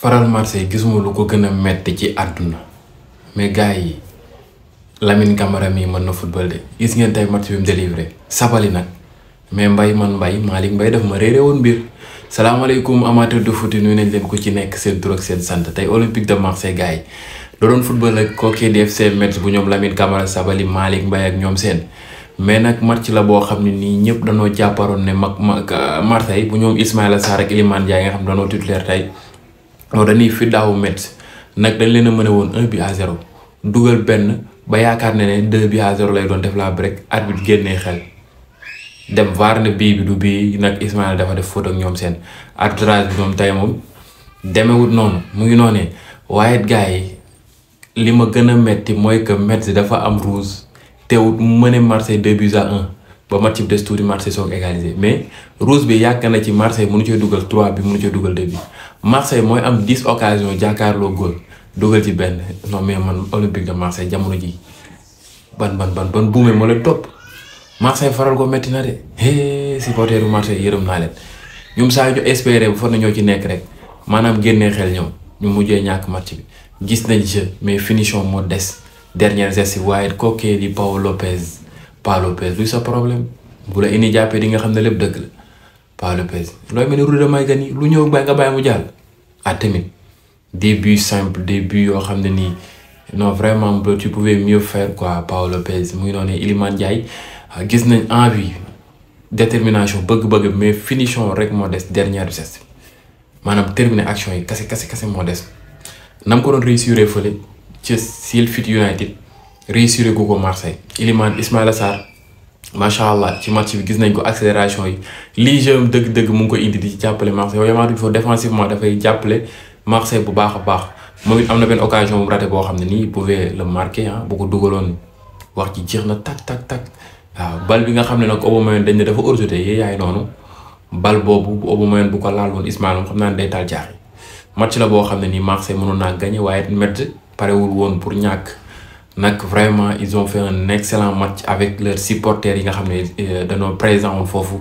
faral Marseille gisuma lu ko gën a metti ci àdduna mais gars yi Lamine Camara mii mën na football de gis ngeen tey match bi mu délivré sabali nag mais mbay man mbay Malick Mbay daf ma réeré woon mbir salaamaaleykum amateur de foot nuyu nañ leen ci nekk seen tur ak sant tey Olympique de Marseille gars yi da doon football ak kookee di FC bu ñoom Lamine Camara sabali Malick Mbay ak ñoom seen mais nag match la boo xam ne nii ñëpp danoo jàpparoon ne mag mag Marseille bu ñoom Ismaïla Sarr ak Iliman Ndiaye nga xam danoo titulaire tey non dañuy fi daawu Metz nag dañ leen a mën a woon un bi à zéro dugal benn ba yaakaar na ne deux bi à zéro lay doon def la break arbitre génnee xel dem vaar ne bii bi du bii nag Ismaïla dafa def faute ak ñoom seen arbitrage bi moom tey moom demewut noonu mu ngi noonee waaye gars yi li ma gën a metti mooy que Metz dafa am rouge teewut mu mën a Marseille deux buts à un ba match bi des tuuti Marseille soog égaliser mais rouge bi yàq na ci Marseille nu cee dugal trois bi mënu cee dugal deux bi Marseille mooy am dix occasion jàkkaarloo góol dugal ci benn non mais man Olympique de Marseille jamono ji ban ban ban ban buumee moo leen topp Marseille faral ko métti na de hee supporteru Marseille yërëm naa leen ñoom saa ñu espérer bu fa na ñoo ci nekk rek maanaam génnee xel ñoom ñu mujjee ñàkk match bi gis nañ jeu mais finition moo des dernier geste waaye kookee yi Paul Lopez Paul Lopez luy sa problème bu la indi jàppee di nga xam ne lépp dëgg la. pas le pèse looy mel ni roue de Mauritanie lu ñëw bàyyi nga bàyyi mu jàll ah tamit début buts simples des buts yoo xam ne nii non vraiment tu pouvais mieux faire quoi Pau Lopez mu ngi noonu Iliman Ndiaye ah, gis nañ envie détermination bëgg-bëgg mais finition rek moo des dernière vitesse maanaam terminer action yi kase kase kase moo des. nam ko doon réussir fële ci Sheffield United réussir gu ko Marseille Iliman Ismaïla Sarr macha allah ci match bi gis nañ ko accélération yi lii jeu dëgg-dëgg mu ngi ko indi di ci jàppale Marseille Yamal Dufort défensivement dafay jàppale Marseille bu baax a baax moom it am na benn occasion bu boo xam ne nii pouvait le marquer ah bu ko dugaloon wax ci jeex na tak tak tak waaw bal bi nga xam ne nag Aubameyang dañ ne dafa hors-jeu yee yaay noonu bal boobu bu Aubameyang bu ko laal woon Ismaïla xam naa ne day taal jaaxle match la boo xam ne nii Marseille mënoon naa gagné waaye it mett parewul woon pour ñàkk. nag vraiment ils ont fait un excellent match avec leurs supporters yi nga xam ne euh, dañoo présent woon foofu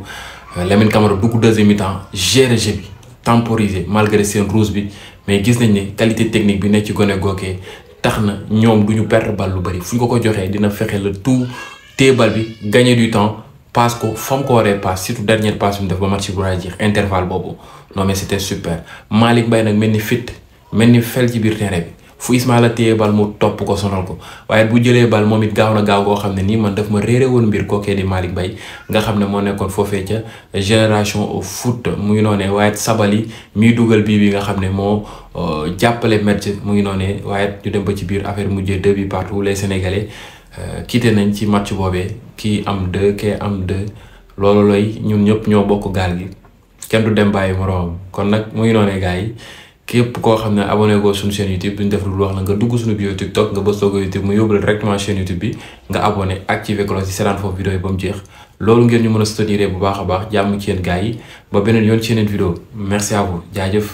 euh, Lamine Camara dugg deuxième mi-temps gérer jeu bi temporiser malgré seen rouge bi mais gis nañ ne qualité technique bi nekk ci gone gookee tax na ñoom du ñu perdre bal lu bëri fu ñu ko ko joxee dina fexe le tout téebal bi gagner du temps passe ko fam ko waree passe surtout dernière passe bi mu def ba match bu raay jeex intervalle boobu non mais c'était super Malick nag mel ni fit mel ni fel ci biir terrain bi fu a téye bal mu topp ko sonal ko waaye bu jëlee bal moom it gaaw na gaaw goo xam ne nii man daf ma réere woon mbir kookee di Malick Mbaye nga xam ne moo nekkoon foofee ca génération au foot mu ngi noonee waaye Sabali miy dugal bii bi nga xam ne moo euh, jàppale match mu ngi noonee waaye ñu dem ba ci biir affaire mujjee deux bi partout les sénégalais euh, quitté nañ ci match boobee kii am deux kee am deux loolu looy ñun ñëpp ñoo bokk gaal gi kenn du dem bàyyi moroom kon nag mu ngi noonee gars képp koo xam ne abonné ko suñu chaîne YouTube duñ def lu wax la nga dugg suñu bio TikTok nga bës ko YouTube mu yóbbu la directement chaîne YouTube bi nga abonné activé ko ci seetaan foofu vidéo yi ba mu jeex loolu ngeen ñu mën a soutenir bu baax a baax jàmm ci yéen gars yi ba beneen yoon ci yeneen vidéo merci à jaa jaajëf.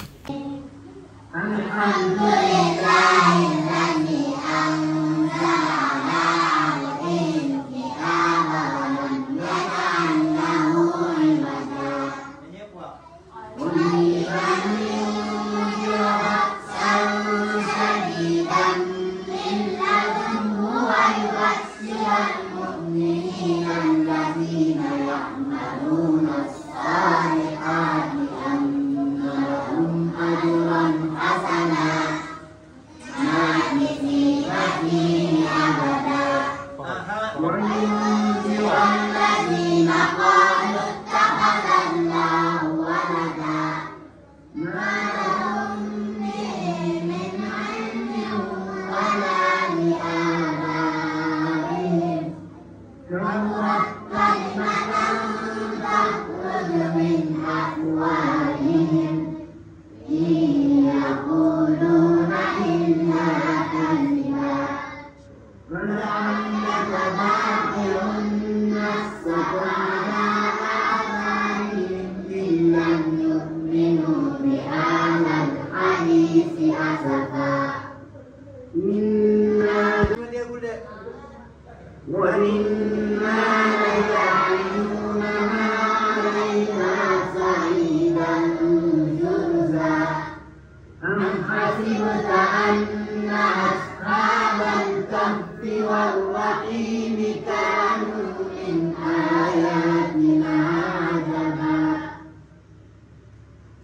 والكنز والذين قالوا اتخذ الله ولدا ما لهم به من علم ولا لآبائهم كبرت كلمة تخرج من أفواههم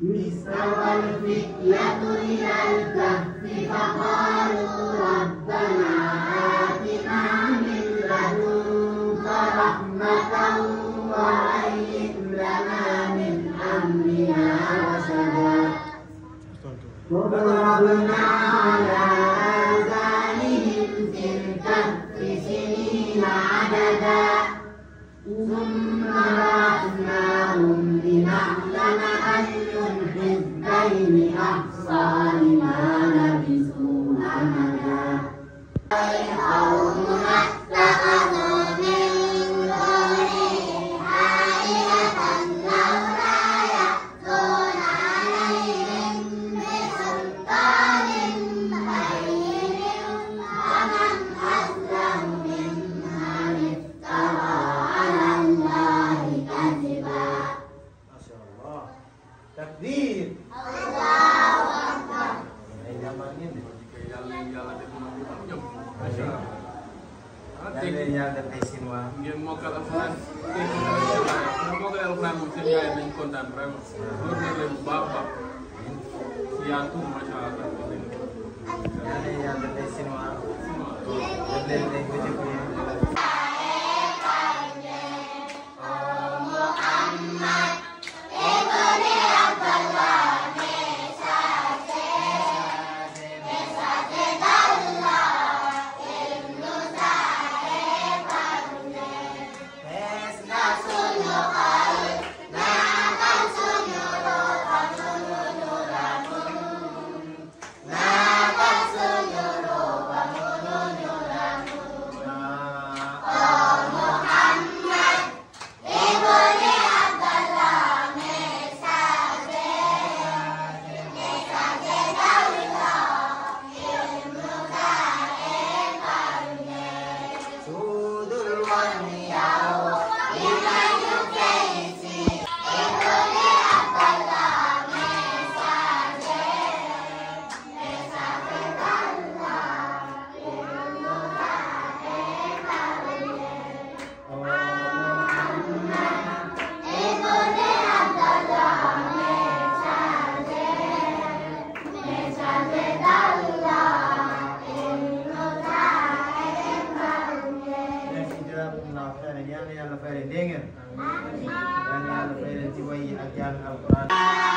استوى الفتية إلى الكهف فقالوا ربنا آتنا من لدنك رحمة وهيئ لنا من أمرنا رشدا وضربنا Anima. dégg ngeen yàlla def ay chinois. ngeen mokkal alxuraan dégg ngeen mokkal alxuraan moom seen yaay dañ kontaan vraiment. loolu nag leen bu baax a baax. yaa tur macha allah. yàlla yàlla def ay chinois. def leen ay bëccëg jàng alquran